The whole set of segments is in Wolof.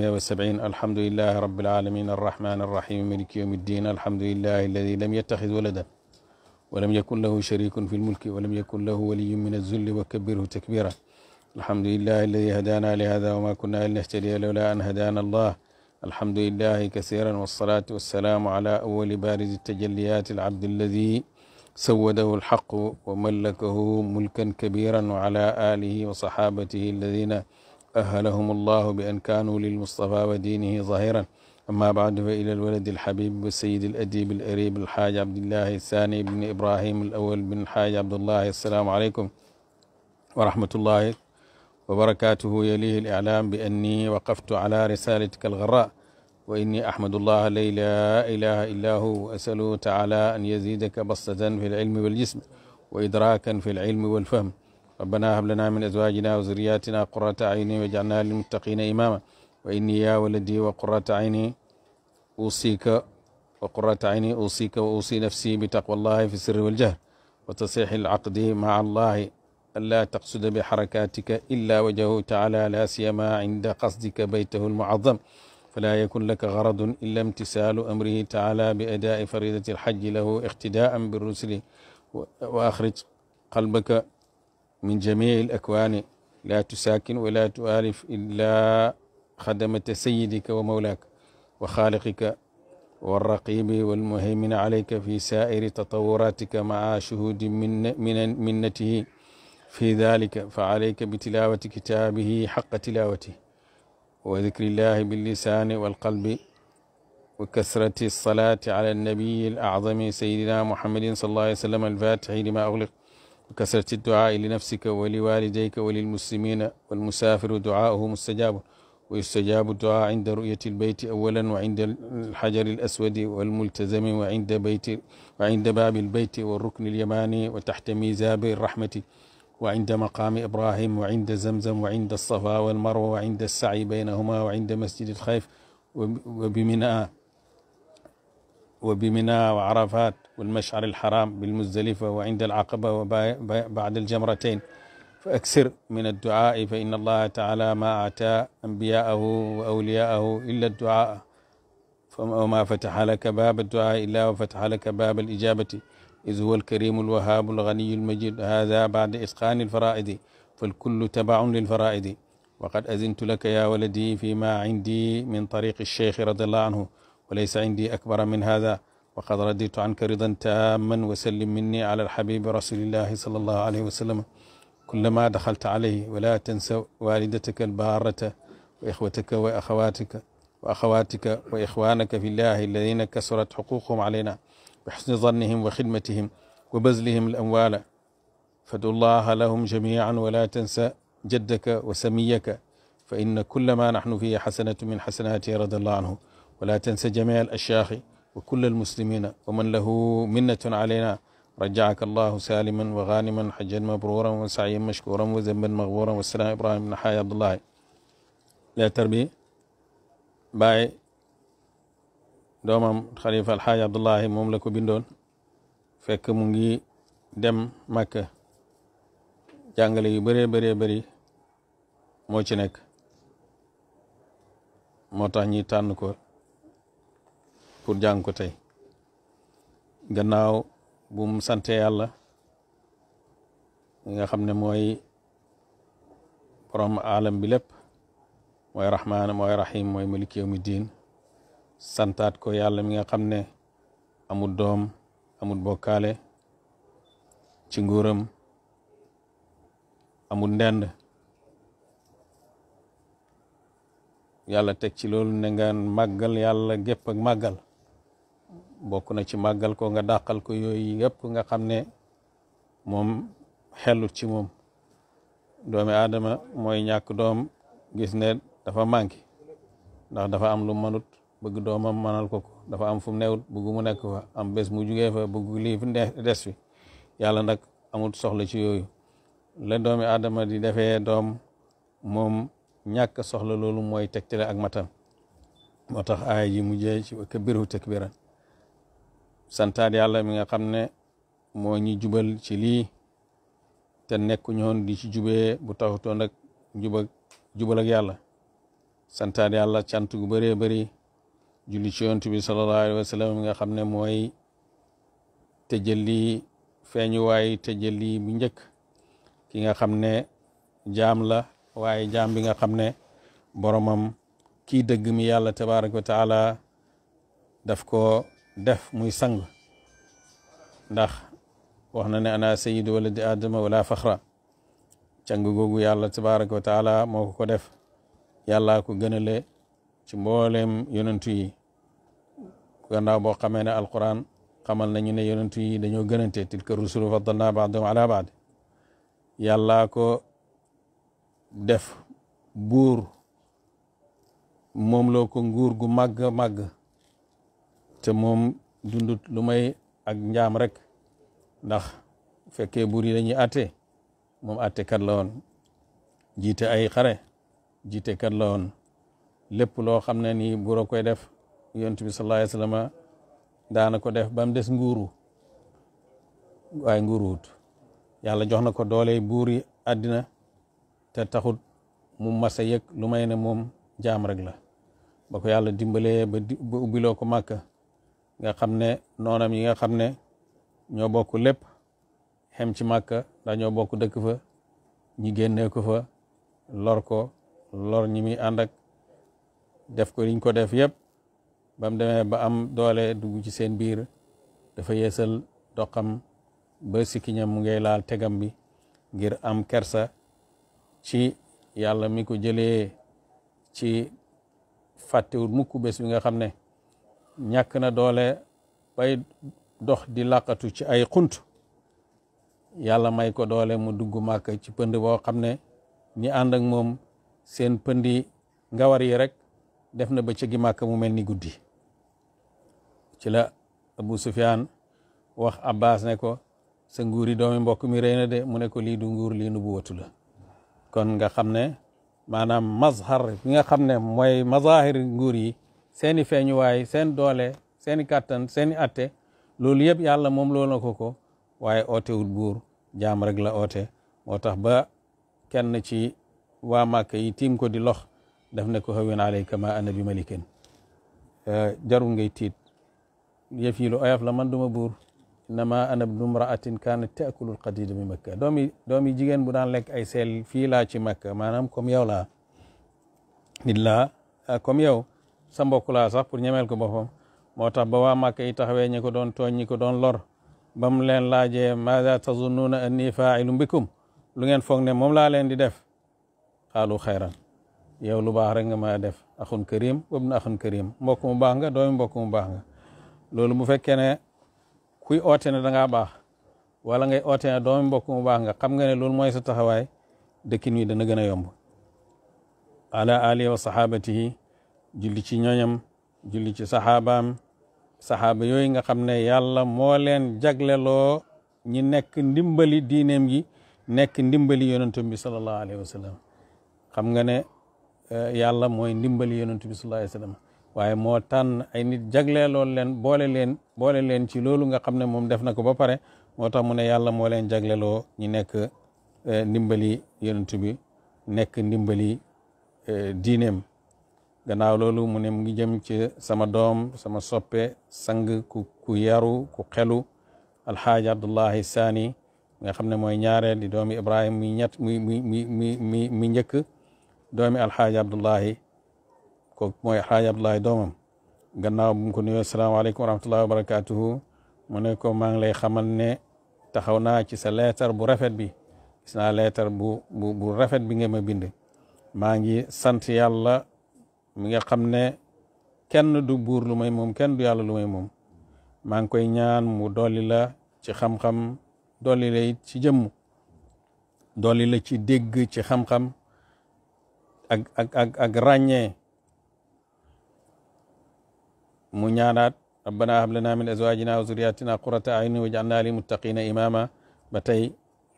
170 الحمد لله رب العالمين الرحمن الرحيم ملك يوم الدين الحمد لله الذي لم يتخذ ولدا ولم يكن له شريك في الملك ولم يكن له ولي من الذل وكبره تكبيرا الحمد لله الذي هدانا لهذا وما كنا لنهتدي لولا أن هدانا الله الحمد لله كثيرا والصلاة والسلام على أول بارز التجليات العبد الذي سوده الحق وملكه ملكا كبيرا وعلى آله وصحابته الذين أهلهم الله بأن كانوا للمصطفى ودينه ظاهرا أما بعد فإلى الولد الحبيب والسيد الأديب الأريب الحاج عبد الله الثاني بن إبراهيم الأول بن الحاج عبد الله السلام عليكم ورحمة الله وبركاته يليه الإعلام بأني وقفت على رسالتك الغراء وإني أحمد الله الذي لا إله إلا هو وأسأله تعالى أن يزيدك بسطة في العلم والجسم وإدراكا في العلم والفهم ربنا هب لنا من أزواجنا وذرياتنا قرة أعين واجعلنا للمتقين إماما وإني يا ولدي وقرة عيني أوصيك وقرة عيني أوصيك وأوصي نفسي بتقوى الله في السر والجهر وتصحيح العقد مع الله ألا تقصد بحركاتك إلا وجهه تعالى لا سيما عند قصدك بيته المعظم فلا يكن لك غرض إلا امتثال أمره تعالى بأداء فريضة الحج له اقتداء بالرسل وأخرج قلبك من جميع الأكوان لا تساكن ولا تؤالف إلا خدمة سيدك ومولاك وخالقك والرقيب والمهيمن عليك في سائر تطوراتك مع شهود من من منته في ذلك فعليك بتلاوة كتابه حق تلاوته وذكر الله باللسان والقلب وكثرة الصلاة على النبي الأعظم سيدنا محمد صلى الله عليه وسلم الفاتح لما أغلق kasrati duaai li nafsika wa li walidayka wa lilmuslimina walmusafiru duauhu mustajaabu wa yustajaabu duaa inda ruyati lbeyti awalan wa inda alxajari alaswadi walmultazami wa inda beyti wa inda baabi lbeyti warrukni lyamani wa taxta mizabi rahmati وعند مقام إبراهيم وعند زمزم وعند الصفا والمروة وعند السعي بينهما وعند مسجد الخيف وبمنى وبمنى وعرفات والمشعر الحرام بالمزدلفة وعند العقبة وبعد الجمرتين فأكثر من الدعاء فإن الله تعالى ما أعتى أنبياءه وأولياءه إلا الدعاء وما فتح لك باب الدعاء إلا وفتح لك باب الإجابة إذ هو الكريم الوهاب الغني المجيد هذا بعد إتقان الفرائض فالكل تبع للفرائض وقد أذنت لك يا ولدي فيما عندي من طريق الشيخ رضي الله عنه walaysa indi akbara min hada wa qad raditu anka ridan taamman wa sallim minni ala alxabibi rasulillahi sallallahu alayhi wa sallam kullama daxalta alayhi wala tansa walidataka albaarata wa ixwataka wa axawatika wa axawatika wa ixwanaka fillahi alladina kasurat xuququhum alayna بحسن ظنهم وخدمتهم وبذلهم الأموال فادعوا الله لهم جميعا ولا تنسى جدك وسميك فإن كل ما نحن فيه حسنة من حسناته رضي الله عنه ولا تنسى جميع الأشياخ وكل المسلمين ومن له منة علينا رجعك الله سالما وغانما حجا مبرورا وسعيا مشكورا وذنبا مغفورا والسلام إبراهيم بن حي عبد الله لا تربي باي doomam xalifa alxaaji abdullahi moom la ko bindoon fekk mu ngi dem màkka jàngale yu bëree bëree bëri moo ci nekk moo tax ñi tànn ko pour jàng ko tey gannaaw bum sante yàlla nga xam ne mooy borom alam bi lépp mooy rahmaan mooy rahim mooy malik yawmi diin santaat ko yàlla mi nga xam ne amul doom amul bokkaale ci nguuram amul ndend yàlla teg ci loolu ne nga màggal yàlla gépp ak màggal bokk na ci màggal ko nga dàqal ko yooyu yëpp nga xam ne moom xellut ci moom doomi aadama mooy ñàkk doom gis ne dafa manqué ndax dafa am lu mënut bëgg doomam mënal ko ko dafa am fu mu newut bëgg mu nekk fa am bés mu jugee fa bëgg lii fi des fi yàlla nag amul soxla ci yooyu la doomi aadama di defee doom moom ñàkk soxla loolu mooy tegtale ak matam moo tax mu ji mujjee ci kabiru takbiran santaat yàlla mi nga xam ne moo ñi jubal ci lii te nekku ñoon di ci jubee bu taxutoon ak juba jubal yàlla santaat yàlla cant gu bëree bëri julli ci yonent bi sallallahu alayhi wa sallam mi nga xam ne mooy tëjëli feeñuwaay tëjëli bu njëkk ki nga xam ne jaam la waaye jaam bi nga xam ne boromam kii dëgg mi yàlla tabaraka wa taala daf ko def muy sang ndax wax na ne ana sayyidu waladi adama wala faxra càng googu yàlla tabaraka wa moo ko ko def yàlla ko gënale ci mbooleem yonentu yi gannaaw boo xamee ne alquran xamal nañu ne yonentu yi dañoo gënante tilka rusulu faddalna baadahum ala baad yàlla ko def buur moom loo ko nguur gu màgg màgg te moom dundut lu may ak njaam rek ndax bu fekkee buur yi dañuy àtte moom àtte kat la woon jiite ay xare jiite kat la woon lépp loo xam ne nii buur a koy def yonent bi sallallahu alayhi wa daana ko def ba mu des nguuru waaye nguuru wut yàlla jox na ko doole buur yi àddina te taxut mu masa yëg lu may ne moom jaam rek la ba ko yàlla dimbalee ba ubbiloo ko màkka nga xam ne noonam yi nga xam ne ñoo bokk lépp xem ci màkka ndax ñoo bokk dëkk fa ñi génnee ko fa lor ko lor ñi muy ànd ak def ko liñ ko def yëpp ba mu demee ba am doole dugg ci seen biir dafa yeesal doxam ba sikkiñam mu ngay laal tegam bi ngir am kersa ci yàlla mi ko jëlee ci fàttewul mukk bés bi nga xam ne ñàkk na doole bay dox di lakkatu ci ay xunt yàlla may ko doole mu dugg màkk ci pënd boo xam ne ñi ànd ak moom seen pëndi ngawar yi rek def na bëccëgi màkk mu mel ni guddi ci la Abu Sufyaan wax Abbas ne ko sa nguuri doomi mbokk mi rey na de mu ne ko lii du nguur lii nu bu watu kon nga xam ne maanaam mazhar bi nga xam ne mooy mazahir nguur yi seeni feeñuwaay seen doole seeni kàttan seeni atte loolu yëpp yàlla moom loolu na ko ko waaye ootewul buur jaam rek la oote moo tax ba kenn ci waa màkk yi tiim ko di lox def na ko hawin alayka ma ana bi malikin jarul ngay tiit yëf yi lu oyof la man duma buur innama ana bnu mraatin kaanat taakulu lqadida bi makka doom yi jigéen bu daan lekk ay seel fii laa ci makka maanaam comme yow laa nit la comme yow sa mbokk laa sax pour ñemeel ko boppam moo tax ba waa màkk yi taxawee ñi ko doon tooñ ñu ko doon lor ba mu leen laajee maada tazunnuuna anni faa'ilun bikum lu lu ngeen foog ne moom laa leen di def xaalu xayran yow lu baax rek nga ma def axun karim wabnu axun karim mbokk mu baax nga doomi mbokk mu baax nga loolu bu fekkee ne kuy oote danga baax walla ngay oote ne doomi mbokk mu baax nga xam nga ne loolu mooy sa taxawaay dëkkin wi dana gën a yomb ala alihi wa sahabatihi julli ci ñoñam julli ci saxaabaam saxaaba yooyu nga xam ne yàlla moo leen jagleloo ñi nekk ndimbali diineem gi nekk ndimbali yonentum bi sallallahu alayhi wa xam nga ne eh, yàlla mooy ndimbali yonentu bi sallallahu alayhi wa waaye moo tànn ay nit jagleeloon leen boole leen boole leen ci loolu nga xam ne moom def na ko ba pare moo tax mu ne yàlla moo leen jagleloo ñi nekk eh, ndimbali yonentu nekk ndimbali eh, diineem gannaaw loolu mu ne mu ngi jëm ci sama doom sama soppe sang ku yaru ku xelu alxaaji abdullahi saani nga xam ne mooy ñaareel di doomi ibrahim mi ñett mu mi njëkk doomi alxaaji abdullahi kooku mooy alxaaji abdullahi doomam gannaaw bu mu ko nuyoo salaamaaleykum wa rahmatullahi wa mu ne ko maa ngi lay xamal ne taxaw naa ci sa leetar bu rafet bi gis naa leetar bu rafet bi nga ma bind maa ngi sant yàlla mi nga xam ne kenn du buur lu may moom kenn du yàlla lu may moom maa ngi koy ñaan mu dolli la ci xam-xam dolli la it ci jëmm dolli la ci dégg ci xam ak ak ak ràññee mu ñaanaat rabbana hab lana min azwajina wa zuriyatina qurata ayuni waj'alna lil muttaqina imama ba tey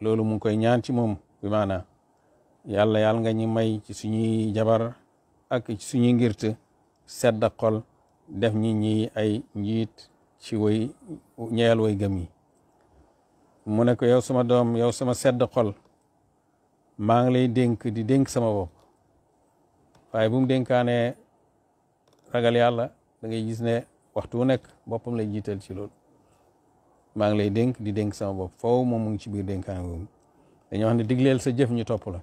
loolu mu ngi koy ñaan ci moom bi maana yàlla yàlla nga ñu may ci suñuy jabar ak suñu ngirte sedd xol def ñi ñi ay njiit ci way ñeel way gëm yi mu nekk ko yow sama doom yow sama sedd xol maa ngi lay dénk di dénk sama bopp waaye bu mu dénkaanee ragal yàlla da ngay gis ne waxtu wu nekk boppam lay jiital ci lool maa ngi lay dénk di dénk sama bopp foofu moom mu ngi ci biir dénkaan boobu dañuy wax digleel sa jëf ñu topp la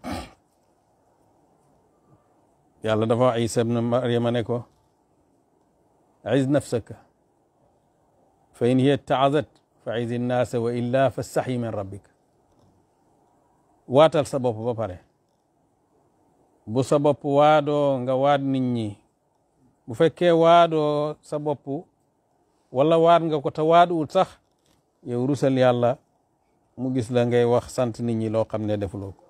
yàlla dafa wax isa bna maryama ne ko iz nafsaka fa in hiya taazat fa izi nnaasa wa illa fa staxyi min rabbika waatal sa bopp ba pare bu sa waado waadoo nga waat nit ñi bu fekkee waado sa bopp wala waat nga ko te waaduwul sax yow rusal yàlla mu gis la ngay wax sant nit ñi loo xam ne defuloo ko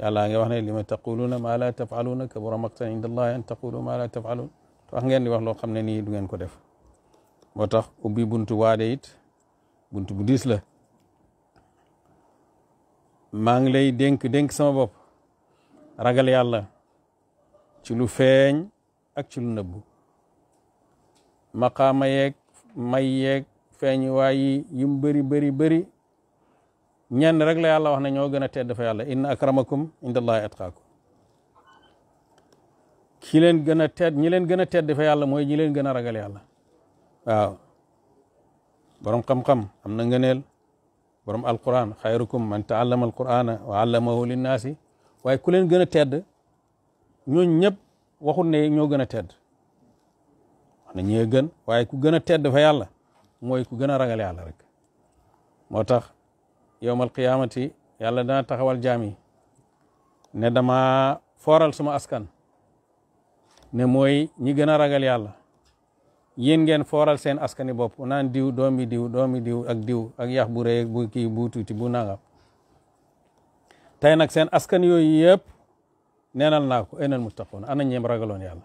yàlla nga wax ne li ma taquluuna maa laa tafaluuna kabura maqtan inda allahi an taqulu maa laa tafaluun wax ngeen di wax loo xam ne nii du ko def moo tax ubbi buntu waade it buntu bu diis la maa ngi lay dénk dénk sama bopp ragal yàlla ci lu feeñ ak ci lu nëbbu maqaama yeeg may yeeg feeñ waayi yim bëri bëri bëri ñenn rek la yàlla wax ne ñoo gën a tedd fa yàlla inna akramakum indallahi atqaakum ki leen gën a tedd ñi leen gën a tedd fa yàlla mooy ñi leen gën a ragal yàlla waaw borom xam-xam am na ngëneel borom alquran xayrukum man taallama alqurana wa allamahu linnaasi waaye ku leen gën a tedd ñooñ ñëpp waxut ne ñoo gën a tedd wax na ñee gën waaye ku gën a tedd fa yàlla mooy ku gën a ragal yàlla rek yowmal qiyaamati yàlla dana taxawal jaam yi ne dama fooral suma askan ne mooy ñi gën a ragal yàlla yéen ngeen fooral seen askani bopp naan diw doomi diw doomi diw ak diw ak yax bu rëy bu kii bu tuuti bu nangam tey nag seen askan yooyu yëpp neenal naa ko enal muttaqoon ana ñeem ragaloon yàlla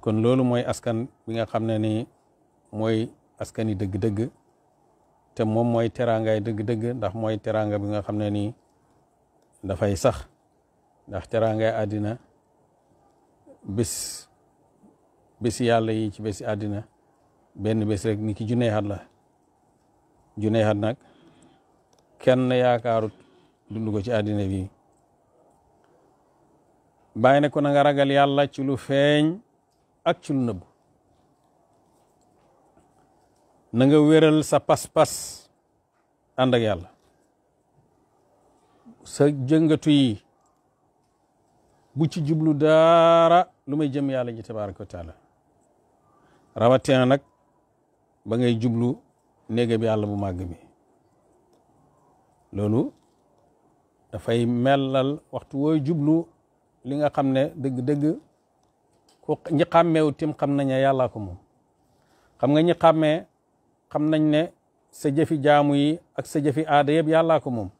kon loolu mooy askan bi nga xam ne ni mooy askani dëgg-dëgg te moom mooy teraangaay dëgg-dëgg ndax mooy teraanga bi nga xam ne nii dafay sax ndax teraangaay àddina bés bés yàlla yi ci bési àddina benn bés rek ni ki juneexat la juneexat nag kenn yaakaarut dund ko ci àddina bi bàyyi ne ko na nga ragal yàlla ci lu feeñ ak ci lu nëbb na nga wéral sa pas-pas ànd yàlla sa jëngatu yi bu ci jublu daara lu may jëm yàlla ji tabaraka wa taala rawatina nag ba ngay jublu néega bi yàlla bu màgg bi loolu dafay melal waxtu wooy jublu li nga xam ne dëgg-dëgg ku ñi xàmmeewu tim xam nañu yàllaa ko moom xam nga ñi xàmmee xam nañ ne sa jëfi jaamu yi ak sa jëfi aada yëpp yàllaa ko moom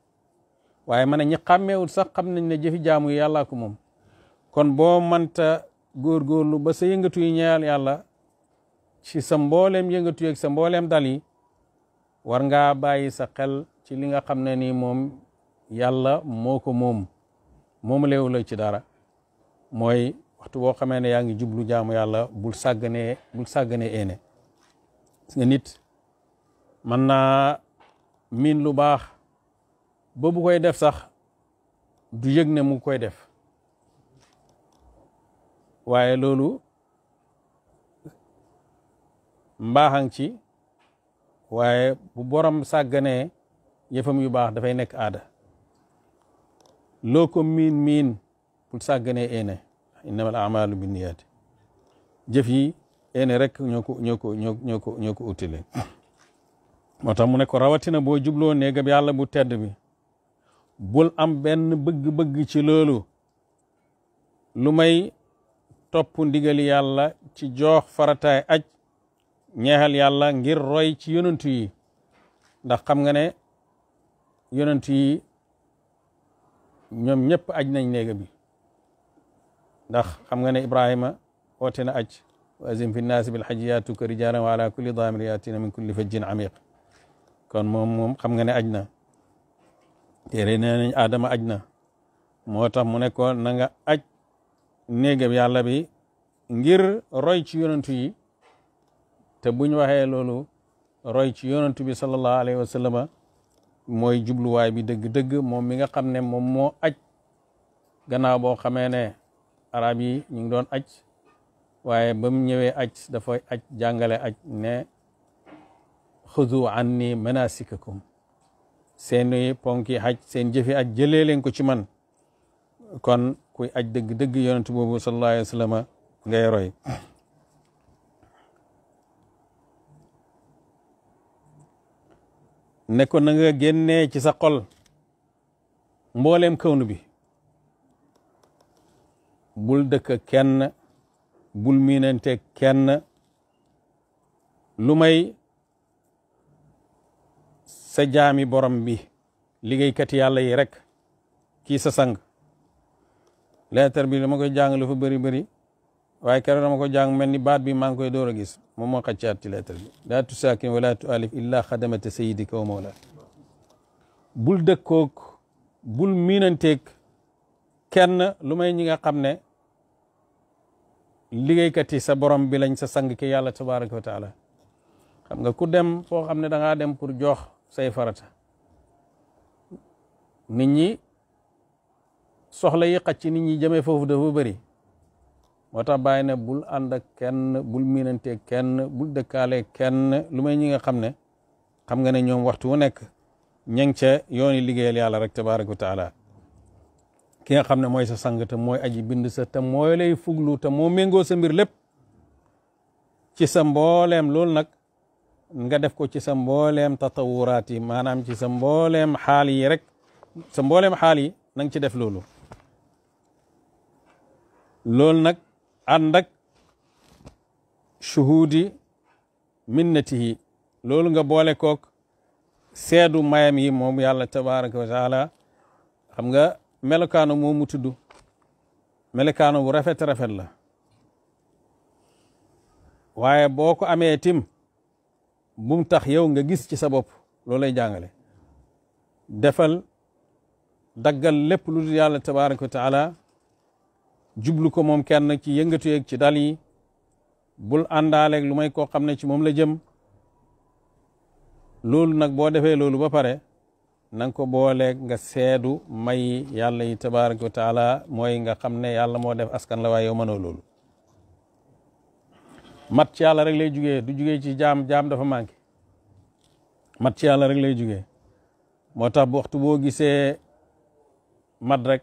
waaye ma ne ñi xàmmeewul sax xam nañ ne jëfi jaamu yi yàllaa ko moom kon boo mënta góorgóorlu ba sa yëngatu yi ñeyal yàlla ci sa mboolem yëngatu yeeg sa mbooleem dal war ngaa bàyyi sa xel ci li nga xam ne nii moom yàlla moo ko moom moom léewu la ci dara mooy waxtu boo xamee ne yaa ngi jublu jaamu yàlla bul sàgganee bul sàgganee eene nga nit mën naa miin lu baax ba bu koy def sax du yëg ne mu koy def waaye loolu mbaaxaŋ ci waaye bu borom sàgganee yëfam yu baax dafay nekk aada loo ko miin miin bul sàgganee eene innamal amalu binniyaati jëf yi eene rek ñoo ko ñoo ko ñoo ko moo tax mu ne ko rawatina boo jubloo néegam yàlla bu tedd bi bul am benn bëgg-bëgg ci loolu lu may topp ndigali yàlla ci joox farataay aj ñeexal yàlla ngir roy ci yonentu yi ndax xam nga ne yi ñoom ñëpp aj nañ néega bi ndax xam nga ne ibrahima woote na aj wa azim fi nnaasi bilxajji yaatuka rijaalan wa ala kulli daamir yaatina min kulli fajjin amiq kon moom moom xam nga ne aj na téere nee nañ aadama aj na moo tax mu ne ko na nga aj néegam yàlla bi ngir roy ci yonantu yi te buñ waxee loolu roy ci yonantu bi sallallahu alayhi wa sallama mooy jubluwaay bi dëgg-dëgg moom mi nga xam ne moom moo aj gannaaw boo xamee ne arab yi ñu ngi doon aj waaye ba mu ñëwee aj dafay aj jàngale aj ne xudu anni manasikakum seeni ponki haj seen jëfi aj jëlee leen ko ci man kon ku aj dëgg-dëgg yonent boobu sallallahu alayhi wa sallam ngay roy ko na nga génnee ci sa xol mbooleem kawnu bi bul dëkk kenn bul miinante kenn lu sa jaami borom bi liggéeykat yàlla yi rek kii sa sang leetar bi dama koy jàng lu fa bëri bari waaye keroog dama ko jàng mel ni baat bi maa ngi koy door a gis moom moo xaccaat ci leetar bi laa tusaakin wala tu alif illa xadamata sayidika wa mawla bul dëkkoog bul miinanteeg kenn lu may ñi nga xam ne liggéeykat yi sa borom bi lañ sa sang ki yàlla tabaraka wa taala nga ku dem foo xam ne da dem pour jox say farata nit ñi soxla yi xacc nit ñi jëmee foofu dafa bëri moo tax bàyyi bul ànd ak kenn bul miinante kenn bul dëkkaale kenn lu may ñi nga xam ne xam nga ne ñoom waxtu wu nekk ña ngi ca yooni liggéeyal yàlla rek tabaraka wa taala ki nga xam ne mooy sa sang te mooy aji bind sa te mooy lay fuglu te moo méngoo sa mbir lépp ci sa mbooleem nga def ko ci sa mbooleem tatawuraat yi maanaam ci sa mbooleem xaal yi rek sa mbooleem xaal yi na ci def loolu loolu nag ànd ak shuhuudi minnatihi loolu nga boole kook seedu mayam yi moom yàlla tabaraka wa taala xam nga melokaano moo mu tudd melokaano bu rafet rafet la waaye boo ko amee tim bum tax yow nga gis ci sa bopp loolu lay jàngale defal daggal lépp lu dul yàlla tabaraka wa taala jublu ko moom kenn ci yëngatu yeeg ci dal yi bul àndaaleeg lu may koo xam ne ci moom la jëm loolu nag boo defee loolu ba pare na nga ko booleeg nga seedu may yàlla yi tabaraka wa taala mooy nga xam ne yàlla moo def askan la waaye yow mënoo loolu mat ci yàlla rek lay jugee du jugee ci jaam jaam dafa manqué mat ci yàlla rek lay jugee moo tax waxtu boo gisee mat rek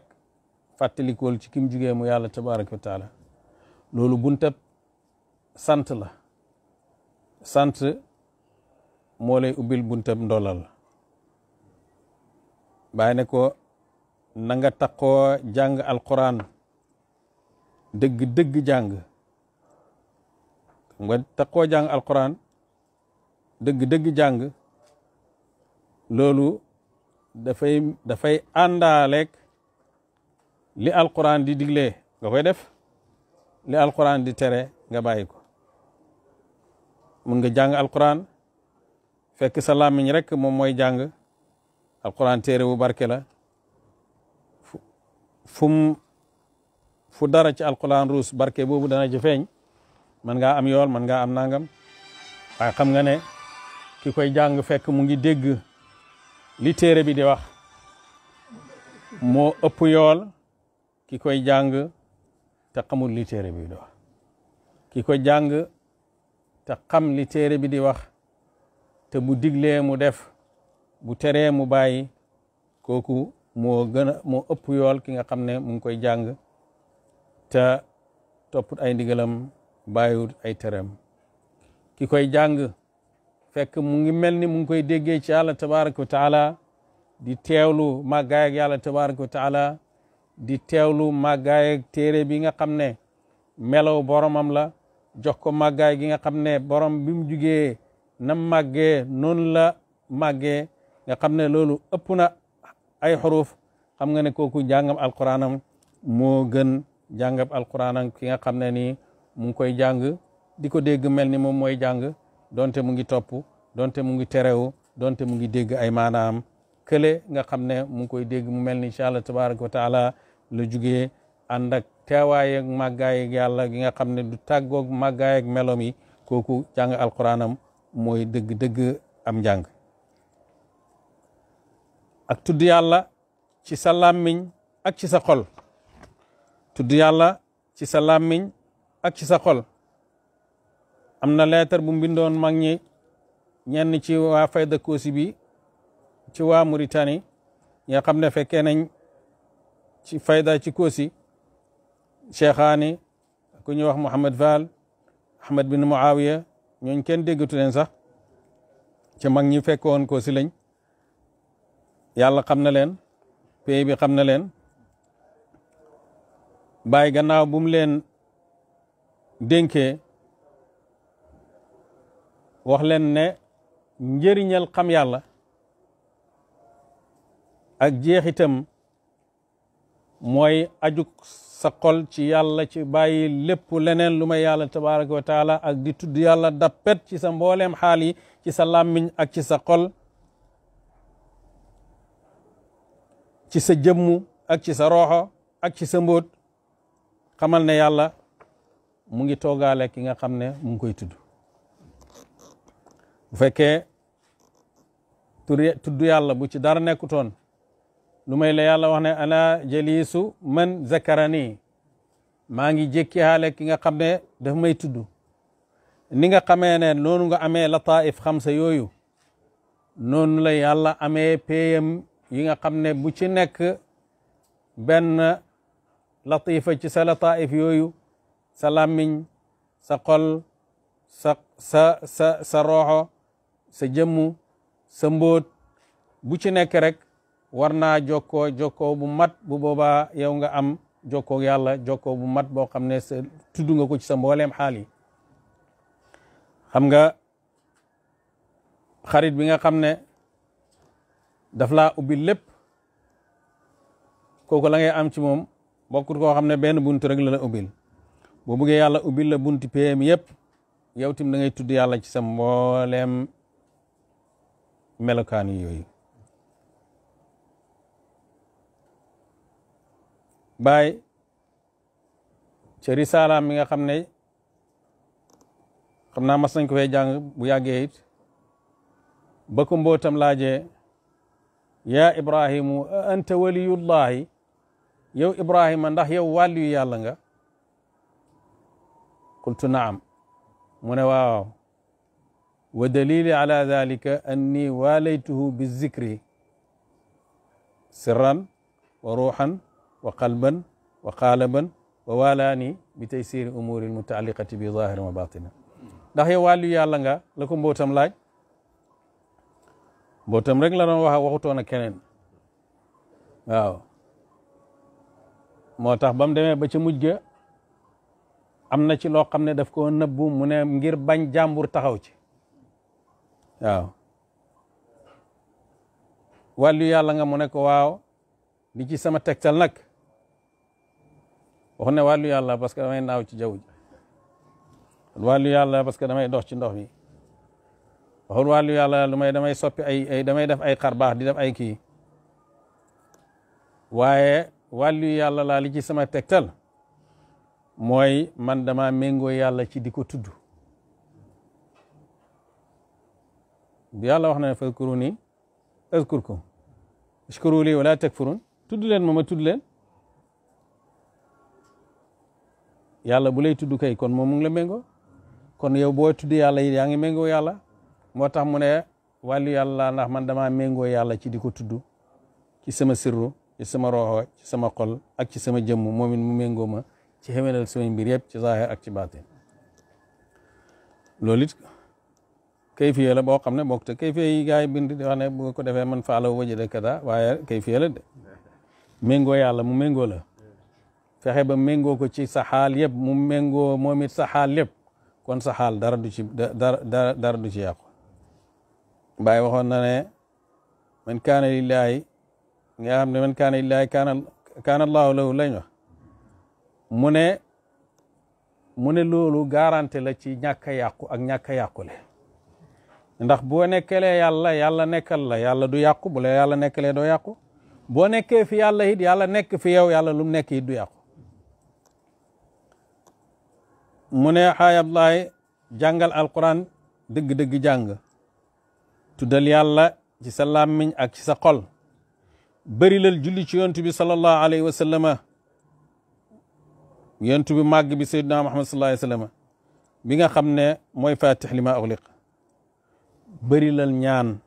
fàttalikool ci kim jugee mu yàlla tabaraka wa loolu buntab sant la sant moo lay ubbil buntab ndolal bàyyi ne ko nanga nga taqoo jàng alquran dëgg-dëgg jàng nga taxoo jàng alquran dëgg-dëgg jàng loolu dafay dafay àndaaleeg li alquran di diglee nga koy def li alquran di tere nga bàyyi ko mun nga jàng alquran fekk sa làmmiñ rek moom mooy jàng alquran téere bu barke la fu fu dara ci alquran ruus barke boobu dana ci mën ngaa am yool mën ngaa am nangam waaye xam nga ne ki koy jàng fekk mu ngi dégg li téere bi di wax moo ëpp yool ki koy jàng te xamul li téere bi di wax ki koy jàng te xam li téere bi di wax te bu diglee mu def bu tere mu bàyyi kooku moo gën moo ëpp yool ki nga xam ne mu ngi koy jàng te topp ay ndigalam bàyyiwut ay tereem ki koy jàng fekk mu ngi mel ni mu ngi koy déggee ci yàlla tabaraka wa taala di teewlu màggaay ak yàlla tabaraka wa taala di teewlu màggaay bi nga xam ne melaw boromam la jox ko màggaay gi nga xam ne borom bi mu jugee na màggee noonu la màggee nga xam ne loolu ëpp na ay xuruf xam nga ne ko kooku jàngam alquranam moo gën jàngam alquranam ki nga xam ne nii mu ngi koy jàng di ko dégg mel ni moom mooy jàng donte mu ngi topp donte mu ngi terewu donte mu ngi dégg ay maanaam kële nga xam ne mu ngi koy dégg mu mel ni incha allah tabaraka la jugee ànd ak teewaay ak màggaay ak yàlla gi nga xam ne du tàggoog màggaay ak yi kooku jàng alquranam mooy dëgg am njàng ak tudd yàlla ci sa làmmiñ ak ci sa xol tudd yàlla ci sa làmmiñ ak ci sa xol am na leetar bu mbindoon mag ñi ñenn ci waa fayda koosi bi ci waa Mauritanie nga xam ne fekkee nañ ci fayda ci kosi cheikhaani ku ñuy wax Mouhamed Val Ahmed bin Muawiya ñooñ kenn déggatu leen sax ci mag ñi fekk woon koosi lañ yàlla xam na leen pays bi xam na leen bàyyi gannaaw bu mu leen dénkee wax leen ne njëriñal xam yàlla ak jeexitam mooy ajuk sa xol ci yàlla ci bàyyi lépp leneen lu ma yàlla tabaraka wa taala ak di tudd yàlla dappet ci sa mbooleem xaal ci sa làmmiñ ak ci sa xol ci sa jëmmu ak ci sa roxo ak ci sa mbóot xamal ne yàlla mu ngi toogaale ki nga xam ne mu ngi koy tudd bu fekkee tudd yàlla bu ci dara nekkutoon lu may la yàlla wax ne ana jalisu man zakarani maa ngi jékki xaale ki nga xam ne daf may tudd ni nga xamee ne noonu nga amee lataif sa yooyu noonu la yàlla amee péyam yi nga xam ne bu ci nekk benn latifa ci sa lataif yooyu sa làmmiñ sa xol sa sa sa sa roxo sa jëmm sa mboot bu ci nekk rek war naa jokkoo jokkoo bu mat bu booba yow nga am jokkoo yàlla jokkoo bu mat boo xam ne sa tudd nga ko ci sa mbooleem xaal xam nga xarit bi nga xam ne daf laa ubbil lépp kooku la ngay am ci moom bokkut koo xam ne benn buntu rek la la ubbil boo buggee yàlla ubbil la bunti PM yëpp yow tim da ngay tudd yàlla ci sa mbooleem melokaan yooyu baay ci mi nga xam ne xam naa mas nañ ko fay jàng bu yàggee it ba ko mbootam laajee yaa ibrahimu anta waliyullahi yow ibrahima ndax yow wàllu yàlla nga qultu naam mu ne waaw wa dalili ala dalika anni waalaytuhu bi zikri sirran wa ruuxan wa qalban wa qaalaban wa waalaani bi taysiri umuuri almutaalliqati bi zahirin wa batina ndax yow wàllu yàlla nga la mbootam laaj mbootam rek la doon wax waxutoon ak moo tax ba mu demee am na ci loo xam ne def daf koo nëbbu mu ne ngir bañ jàmbur taxaw ci waaw wàllu yàlla nga mu ne ko waaw li ci sama tegtal nag wax ne wàllu yàlla parce que damay naaw ci jaww ji wàllu yàlla parce que damay dox ci ndox mi waxul wàllu yàlla lu may damay soppi ay damay def ay xar di def ay kii waaye wàllu yàlla laa li ci sama tegtal mooy man dama méngoo yàlla ci di ko tudd yàlla wax na ne fazkuruni azkurkum ashkuru li teg takfurun tudd leen ma ma tudd leen yàlla bu lay tudd kay kon moom mu ngi la méngoo kon yow boo tudd yàlla yi yaa ngi méngoo yàlla moo tax mu ne wàllu yàlla ndax man dama méngoo yàlla ci di ko tuddu ci sama sirru ci sama roxo ci sama xol ak ci sama jëmm moom it mu méngoo ma ci xéwénal suñu mbir yëpp ci zaahir ak ci baatin loolu it kayfiya la boo xam ne bokk te kayfiya yi gars yi bind di wax ne bu ko defee man faala wajada kada waaye kayfiya de méngoo yàlla mu méngoo la fexe ba méngoo ko ci saxaal yëpp mu méngoo moomit it saxaal yëpp kon saxaal dara du ci dara dara du ci yàqu Baay waxoon na ne kaana lillaahi nga kaana lillaahi kaana kaana mu ne mu ne loolu garante la ci ñàkk a yàqu ak ñàkk a yàqule ndax boo nekkalee yàlla yàlla nekkal la yàlla du yàqu bu la yàlla nekkalee doo yàqu boo nekkee fi yàlla it yàlla nekk fi yow yàlla lu nekk it du yàqu mu ne xaay Ablaay jàngal alquran dëgg-dëgg jàng tuddal yàlla ci sa làmmiñ ak ci sa xol bërilal julli ci yontu bi sallallahu alayhi wa sallama yonent bi màgg bi sayyidina Muhammad sallallahu alayhi wa bi nga xam ne mooy fatix li ma ughliq bëri ñaan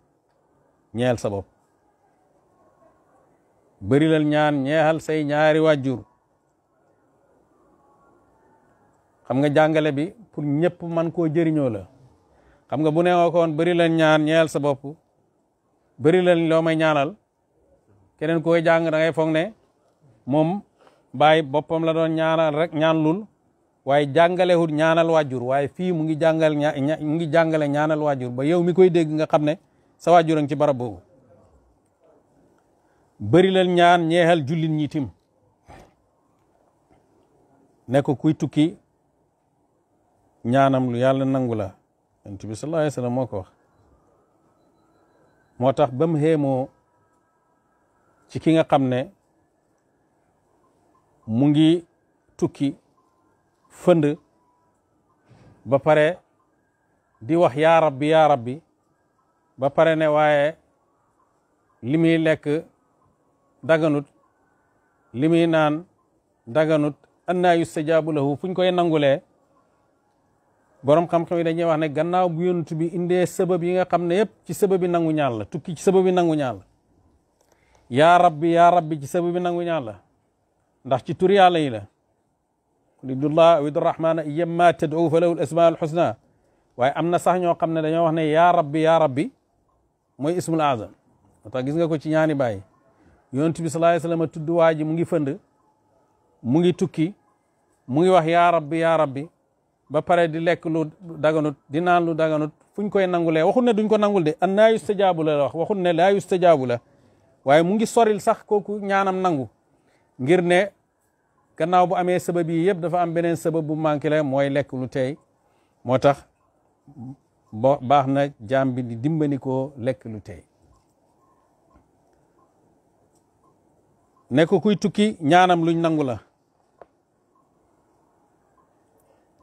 ñeel sa bopp bëri lal ñeexal say ñaari wàjjur xam nga jàngale bi pour ñëpp man koo jëriñoo la xam nga bu ne ko woon bëri ñaan ñeel sa bopp bëri lal loo may ñaanal keneen koy jàng da ngay ne moom baay boppam la doon ñaanal rek ñaan lul waaye jàngalewul ñaanal waajur waaye fii mu ngi ngi jàngale ñaanal waajur ba yow mi koy dégg nga xam ne sa waajur a ngi ci barab boobu bëri la ñaan ñeexal jullit ñi tim ne ko kuy tukki ñaanam lu yàlla nangu la yonent bi moo ko wax moo tax ba mu xéemoo ci ki nga xam ne mu ngi tukki fënd ba pare di wax yaa rabbi yaa rabbi ba pare ne waaye li muy lekk daganut li muy naan daganut annaa yustajaabu lahu fu fuñ koy nangulee borom xam-xam yi dañuy wax ne gannaaw bu yonent bi indee sabab yi nga xam ne yëpp ci sababi nangu ñaan la tukki ci sababi nangu ñaan la yaa rabbi yaa rabbi ci sababi nangu ñaan la ndax ci tur yàlla yi la qul idullah aw idurrahmana iyamma tad'u fa lahu al husna waaye am na sax ñoo xam ne dañoo wax ne yaa rabbi yaa rabbi mooy ismul azam gis nga ko ci ñaani bàyyi yonent bi sallallahu alayhi tudd waa ji mu ngi fënd mu ngi tukki mu ngi wax yaa rabbi yaa rabbi ba pare di lekk lu daganut di naan lu daganut fu ñu koy nangulee waxut ne duñ ko nangul de an na yustajaabu la wax waxut ne laa yustajaabu la waaye mu ngi soril sax kooku ñaanam nangu ngir ne gannaaw bu amee sabab yi yëpp dafa am beneen sabab bu manqué mooy lekk lu tey moo tax baax na jaam bi di dimbanikoo lekk lu tey ne ku kuy tukki ñaanam luñ nangu la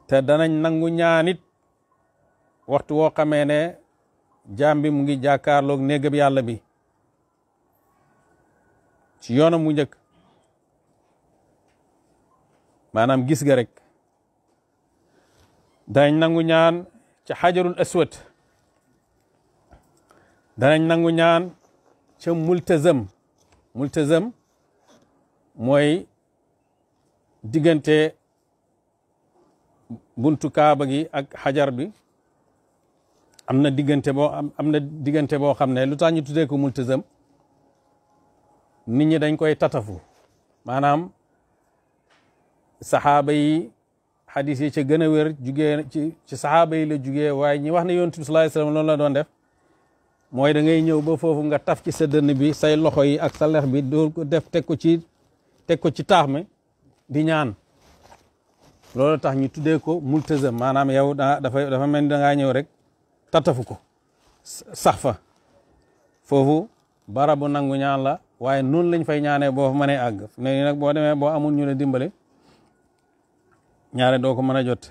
te danañ nangu ñaanit waxtu woo xamee ne jaam bi mu ngi jàkkaarloog néegab yàlla bi ci yoonam mu njëkk maanaam gis ga rek danañ nangu ñaan ca xajarul aswad danañ nangu ñaan ca multazam multazam mooy diggante buntu kaaba gi ak xajar bi am na diggante bo am na diggante boo xam ne lu tax ñu tuddee ko multazam nit ñi dañ koy tatafu maanaam saxaaba yi xadis yi ca gën a wér jugee ci ci saxaaba yi la jugee waaye ñi wax ne yonent bi sallallahu alayhi doon def mooy da ngay ñëw ba foofu nga taf ci sa dënn bi say loxo yi ak sa lex bi doo ko def teg ko ci teg ko ci taax mi di ñaan loolu tax ñu tuddee ko multazam maanaam yow da dafa dafa mel ni ñëw rek tatafu ko sax fa foofu barabu nangu ñaan la waaye noonu lañ fay ñaanee boo fa mënee àgg ne nag boo demee boo amul ñu la dimbale ñaare doo ko mën a jot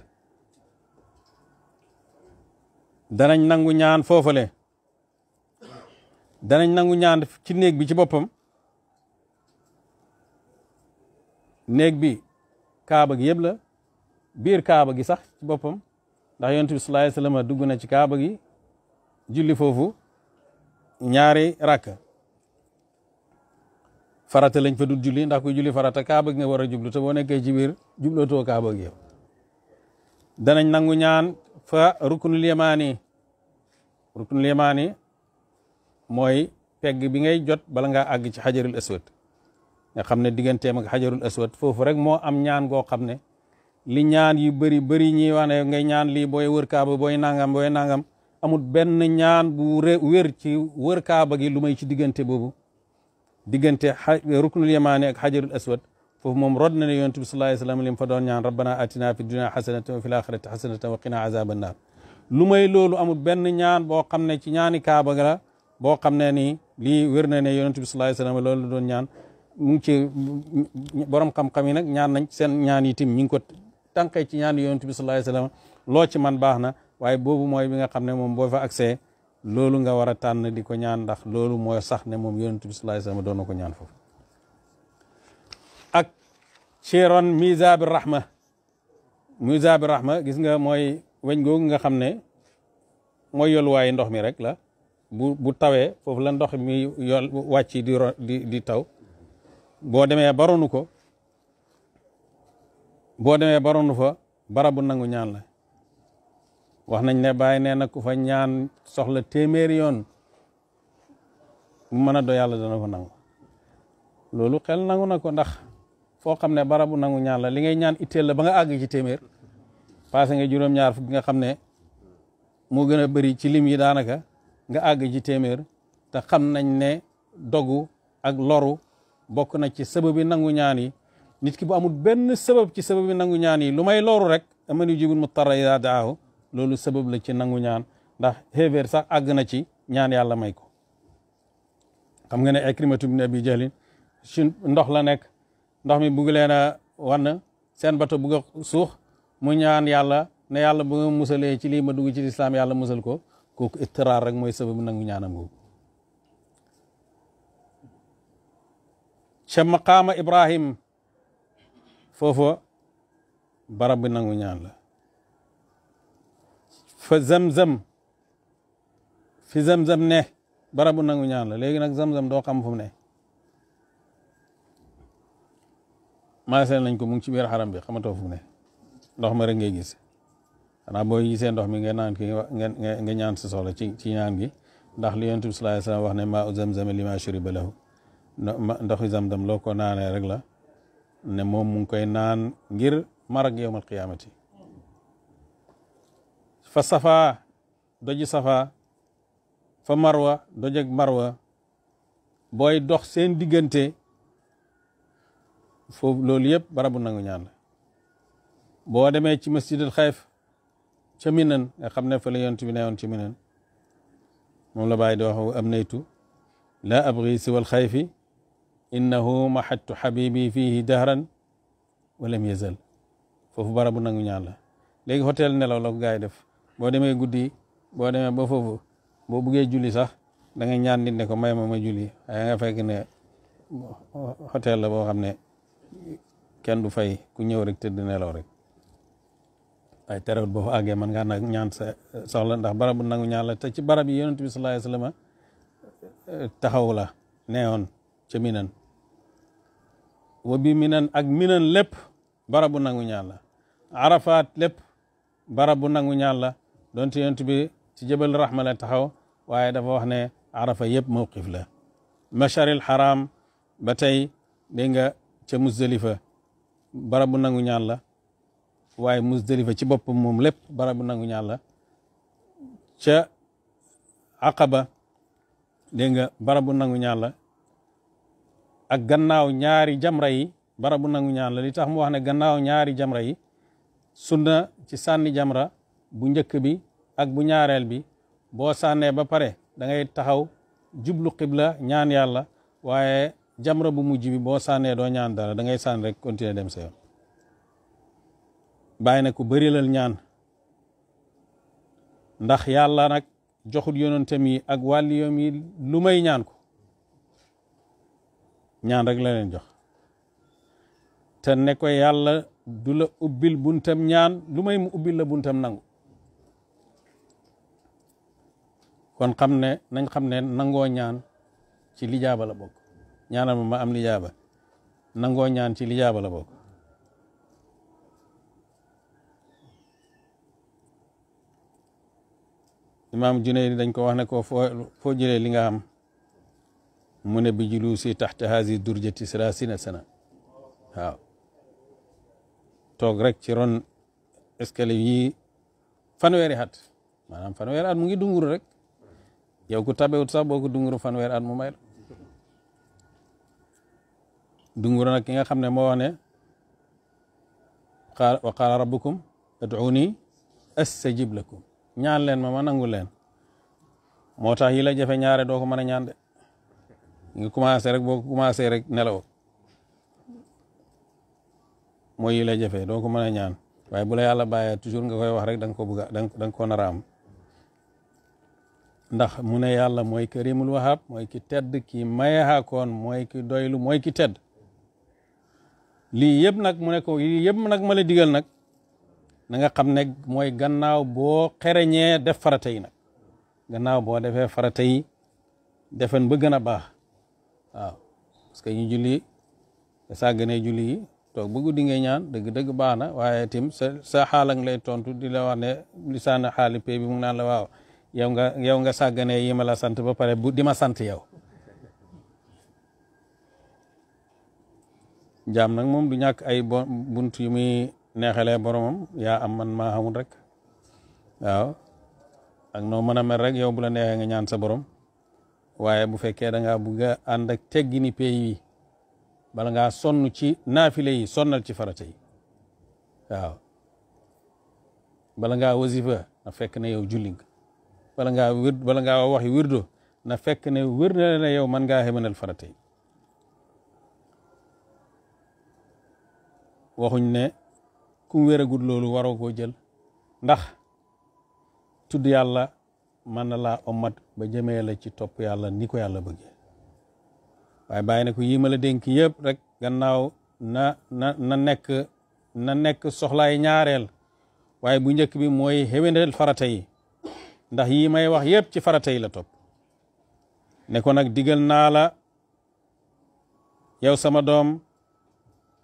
danañ nangu ñaan foofale danañ nangu ñaan ci néeg bi ci boppam néeg bi kaaba gi yëpp la biir kaaba gi sax ci boppam ndax yonent bi sallallahu alayhi dugg na ci kaaba gi julli foofu ñaari rakk farata lañ fa dul julli ndax kuy julli farata kaaba gi nga war a jublu te boo nekkee ci biir jublootoo kaaba gi yow danañ nangu ñaan fa ruknul yamaani ruknul yamaani mooy pegg bi ngay jot bala nga àgg ci xajarul nga xam ne digganteem ak xajarul aswad foofu rek moo am ñaan goo xam ne li ñaan yu bëri bëri ñi wax ngay ñaan lii booy wër kaaba booy nangam booy nangam amul benn ñaan bu wér wër kaaba gi lu may ci diggante boobu diggante ruknul yamaani ak xajarul aswad foofu moom rod na ne yonent bi sallallahu alayhi wa sallam lim fa doon ñaan rabbana atina fi dunya xasanatan wa fil axirati xasanatan wa qina azaban naar lu may loolu amul benn ñaan boo xam ne ci ñaani kaaba la boo xam ne nii lii wér na ne yonent bi sallallahu alayhi wa sallam doon ñaan ci borom xam yi nag ñaan nañ seen ñaan yi ñu ngi ko tànkee ci ñaan yonent bi sallallahu alayhi loo ci man baax na waaye boobu mooy bi nga xam ne moom boo fa accès loolu nga war a tànn di ko ñaan ndax loolu mooy sax ne moom yonent bi sallallahu alayhi wa ko ñaan foofu ak cheron mizabi rahma mizabi rahma gis nga mooy weñ googu nga xam ne mooy yolwaayu ndox mi rek la bu bu tawee foofu la ndox mi yol wàcc di di taw boo demee baronu ko boo demee baronu fa barabu nangu ñaan la wax nañ ne bàyyi nee na ku fa ñaan soxla téeméeri yoon mën a do yàlla dana ko nangu loolu xel nangu na ko ndax foo xam ne barabu nangu ñaan la li ngay ñaan itteel la ba nga àgg ci téeméer passé nga juróom-ñaar fukk nga xam ne moo gën a bëri ci lim yi daanaka nga àgg ji téeméer te xam nañ ne dogu ak loru bokk na ci sababi nangu ñaan yi nit ki bu amul benn sabab ci sababi nangu ñaani yi lu may loru rek aman yu jibul mu tara ida daahu loolu sabab la ci nangu ñaan ndax xéeféer sax àgg na ci ñaan yàlla may ko xam nga ne Ikrimatu bin Abi Jahlin ci ndox la nekk ndox mi bugg leena a seen bato bugg a suux mu ñaan yàlla na yàlla bu nga musalee ci lii ma dugg ci lislaam yàlla musal ko kooku ittiraar rek mooy sababu nangu ñaanam googu ca maqaama Ibrahim foofa barab bi nangu ñaan la fa zam-zam fi zam-zam ne barabu nangu ñaan la léegi nag zam-zam doo xam fu mu ne maaseel nañ ko mu ngi ci biir xaram bi xamatoo fu mu ne ndox ma rek ngay gis xanaa booy gisee ndox mi nga naan ki nga ñaan si soxla ci ci ñaan gi ndax li yonent bi sallallahu alayhi wasallam wax ne maa u zam-zam li maa shuriba lahu ndoxi zam-zam loo ko naanee rek la ne moom mu ngi koy naan ngir marag yowmal qiyaamati fa safa doji safa fa marwa doj ak marwa booy dox seen diggante foofu loolu yëpp barabu nangu ñaan boo demee ci masjidul xayf ca minan nga xam ne fa la yonent bi newoon ci minan moom la bàyyi am wax am naytu laa abgi siwa alxayfi innahu maxattu xabibi fihi dahran walam yazal foofu barabu nangu ñaan la léegi hôtel nelaw la ko def boo demee guddi boo demee ba foofu boo buggee julli sax da ñaan nit ko may ma ma julli waaye nga fekk ne hôtel la boo xam ne kenn du fay ku ñëw rek tëdd nelaw rek waaye terewut boo fa àggee mën ngaa nag ñaan sa soxla ndax barabu nangu ñaan la te ci barab yi yonent bi sallallahu alayhi wasallam taxaw la neewoon ca minan wa minan ak minan lépp barabu nangu ñaan la arafaat lépp barabu nangu ñaan la donte yonent bi ci jëbal raxma la taxaw waaye dafa wax ne arafa yëpp mawqif la masharil xaram ba tey dégg nga ca musdalifa barabu nangu ñaan la waaye musdalifa ci boppam moom lépp bu nangu ñaan la ca aqaba dégg nga barabu nangu ñaan la ak gannaaw ñaari jamra yi barabu nangu ñaan la li tax mu wax ne gannaaw ñaari jamra yi sunna ci sànni jamra bu njëkk bi ak bu ñaareel bi boo sànnee ba pare da ngay taxaw jublu xibla ñaan yàlla waaye jamra bu mujj bi boo sànnee doo ñaan dara da ngay sànn rek continuer dem sa yoon bàyyi na ko bëri ñaan ndax yàlla nag joxul yonentam yi ak wàlliyoom yi lu may ñaan ko ñaan rek la leen jox te ne ko yàlla du la ubbil buntam ñaan lu may mu ubbil la buntam nangu kon xam ne nañ xam ne nangoo ñaan ci lijaaba la bokk ñaanal ma ma am lijaaba nangoo ñaan ci lijaaba la bokk imaam Junayd dañ ko wax ne ko foo foo jëlee li nga am mu ne bi julusi taxta haasi durjati sirasina sana waaw toog rek ci ron escalier yi fanweeri at maanaam fanweeri at mu ngi dunguru rek yow ku tabewut sax boo ko fan fanweer at mu may la dunguru nag ki nga xam ne moo wax ne wa qaala rabbukum ud'uuni astajib lakum ñaan leen ma ma nangu leen moo tax yi la jafe ñaare doo ko mën a ñaan de nga commencé rek boo ko rek nelaw mooy yi la jafe doo ko mën a ñaan waaye bu la yàlla bàyyee toujours nga koy wax rek da nga ko bëgg da nga koo nar a am ndax mu ne yàlla mooy karimul wahab mooy ki tedd ki maye haakoon mooy ki doylu mooy ki tedd lii yëpp nag mu ne ko lii yëpp nag ma la digal nag na xam ne mooy gannaaw boo xereñee def farata yi nag gannaaw boo defee farata yi defen ba gën a baax waaw parce que ñu julli te sàgganee julli yi toog ba guddi ngay ñaan dëgg-dëgg baax na waaye tim sa sa xaalang lay tontu di la wax ne lisaana xaali pay bi mu naan la waaw yow nga yow nga sàgganee yi ma la sant ba pare bu di ma sant yow jaam nag moom du ñàkk ay bunt yu muy neexalee boromam yaa am man maa xamul rek waaw ak noo mën a mel rek yow bu la neexee nga ñaan sa borom waaye bu fekkee da ngaa bugg a ànd ak teggini pays yi bala nga sonn ci naafile yi sonnal ci farata yi waaw bala ngaa wasifa na fekk na yow julli bala nga wir bala ngaa waxi wirdo na fekk ne wér na la yow man ngaa xemanal farata waxuñ ne kum wéragut loolu waroo koo jël ndax tudd yàlla mën na laa ommat ba jëmee la ci topp yàlla ni ko yàlla bëggee way bàyyi ne ko yii ma la dénk yëpp rek gannaaw na nekk na nekk soxlaay ñaareel waaye bu njëkk bi mooy xewanal farata ndax yi may wax yépp ci farata yi la topp ne ko nag digal naa la yow sama doom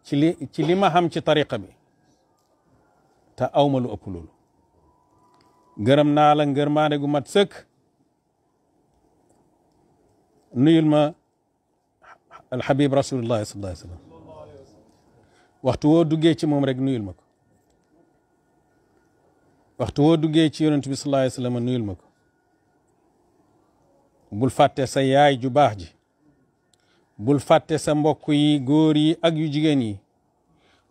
ci li ci li ma xam ci tariqa bi te awma lu ëpp loolu gërëm naa la ngërmaane gu mat sëkk nuyul ma alxabib rasulullah sallallahu waxtu woo duggee ci moom rek nuyul ma ko waxtu woo duggee ci yonent bi sallallahu alayhi wa sallam nuyul ma ko bul fàtte sa yaay ju baax ji bul fàtte sa mbokk yi góor yi ak yu jigéen yi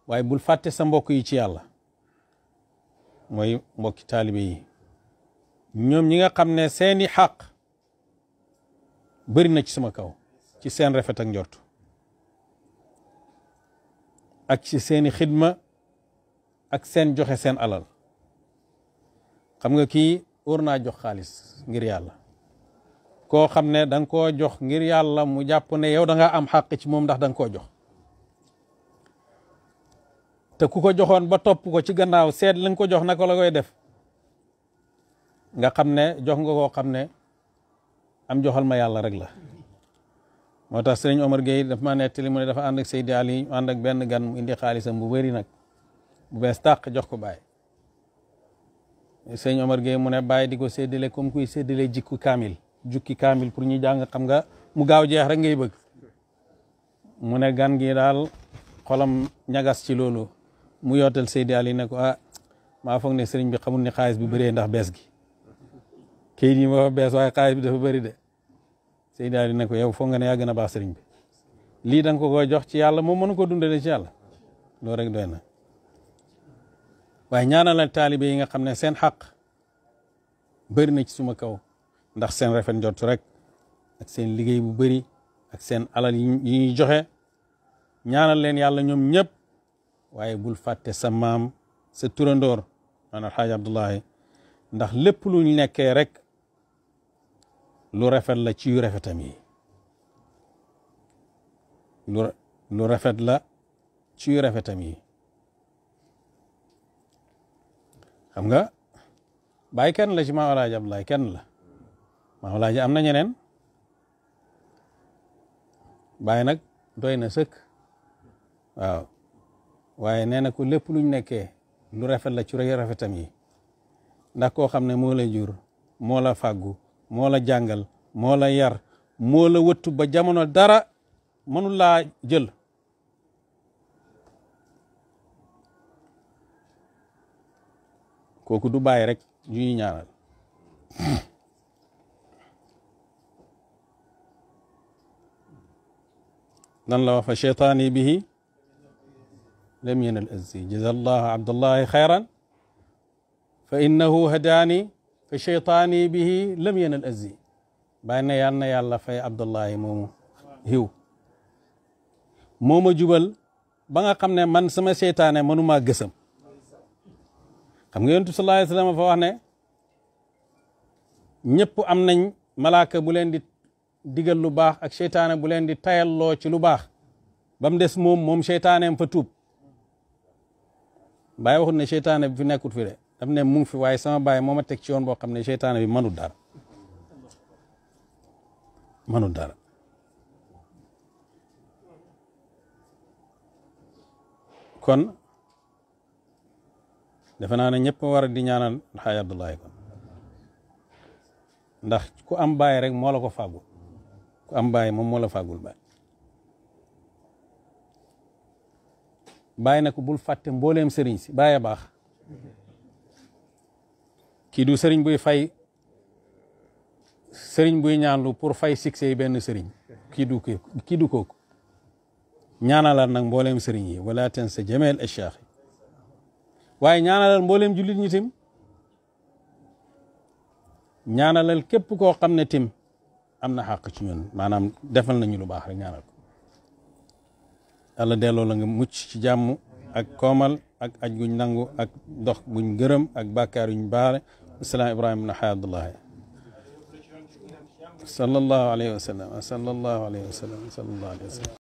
waaye bul fàtte sa mbokk yi ci yàlla mooy mbokki taalibe yi ñoom ñi nga xam ne seeni xàq bëri na ci sama kaw ci seen rafet ak njort ak ci seeni xidma ak seen joxe seen alal xam nga kii wóor naa jox xaalis ngir yàlla koo xam ne da ko jox ngir yàlla mu jàpp ne yow da am xàq ci moom ndax da nga koo jox te ku ko joxoon ba topp ko ci gannaaw seet li nga ko jox na ko la koy def nga xam ne jox nga koo xam ne am joxal ma yàlla rek la moo tax sëriñ Omar Gueye daf ma nettali mu ne dafa ànd ak Seydi Ali ànd ak benn gan mu indi xaalisam bu bëri nag bu bees tàq jox ko baay sëñ Omar Gueye mu ne bàyyi di ko séddale comme kuy séddale jikku kaamil jukki kaamil pour ñu jàng xam nga mu gaaw jeex rek ngay bëgg mu ne gan gi daal xolam ñagas ci loolu mu yootal Seydi Ali ne ko ah ma foog ne sëriñ bi xamul ni xaalis bi bëree ndax bees gi kayit yi ma fa bees waaye xaalis bi dafa bari de Seydi Ali ko yow foog nga ne yaa gën a baax sëriñ bi lii da nga ko jox ci yàlla moom mënu ko dundale ci yàlla loolu rek doy na waaye la taalibe yi nga xam ne seen xaq bëri na ci suma kaw ndax seen rafet njort rek ak seen liggéey bu bëri ak seen alal yi ñuy joxe ñaanal leen yàlla ñoom ñëpp waaye bul fàtte sa maam sa turandoor man alxaaji abdullahi ndax lépp lu nekkee rek lu rafet la ci yu rafetam yi lu rafet la ci yu rafetam yi xam nga bàyyi kenn la ci Maam Alaaji Abdoulaye kenn la Maam Alaaji am na ñeneen bàyyi nag doy na sëkk waaw waaye nee na ko lépp luñ nekkee lu rafet la ci rëy rafetam yi ndax koo xam ne moo jur moo la fàggu moo la jàngal moo yar moo la ba jamono dara mënul laa jël kooku du bàyyi rek ñuy ñaanal lan la wax fa cheytaani bihi lam yenal azzi jazallahu abdallahi xayran fa innahu hadaani fa cheytaani bihi lam yenal azzi bàyyi na yàl na yàlla fay moomu xiw moo jubal ba nga ne man sama seytaane mënumaa gësam xam nga yonent bi sallallahu alayhi wasallam fa wax ne ñëpp am nañ malaaka bu leen di digal lu baax ak seytaane bu leen di tayalloo ci lu baax ba mu des moom moom seytaaneem fa tuub baay waxut ne seytaane bi fi nekkut fi de daf ne mu fi waaye sama baay moo ma teg ci yoon boo xam ne seytaane bi manut dara manut dara kon defe naa ne ñëpp war di ñaanal xaaj Abdoulaye kon ndax ku am baay rek moo la ko fàggul ku am baay moom moo la fàggul baay baay na ko bul fàtte mbooleem sëriñ si baay a baax kii du sëriñ buy fay sëriñ buy ñaanlu pour fay succès yi benn sëriñ kii du kii du kooku ñaanalaat nag mbooleem sëriñ yi wala ten sa jameel achaax waaye ñaanalal mbooleem jullit ñi tim ñaanalal képp koo xam ne tim am na xàq ci ñun maanaam defal nañu lu baax rek ñaanal ko yàlla delloo la mucc ci jàmm ak koomal ak aj guñ nangu ak dox buñ gërëm ak bàkkaar yuñ baare isalaam ibrahim na xay abdullahi sallallahu alayhi wa sallam alayhi wa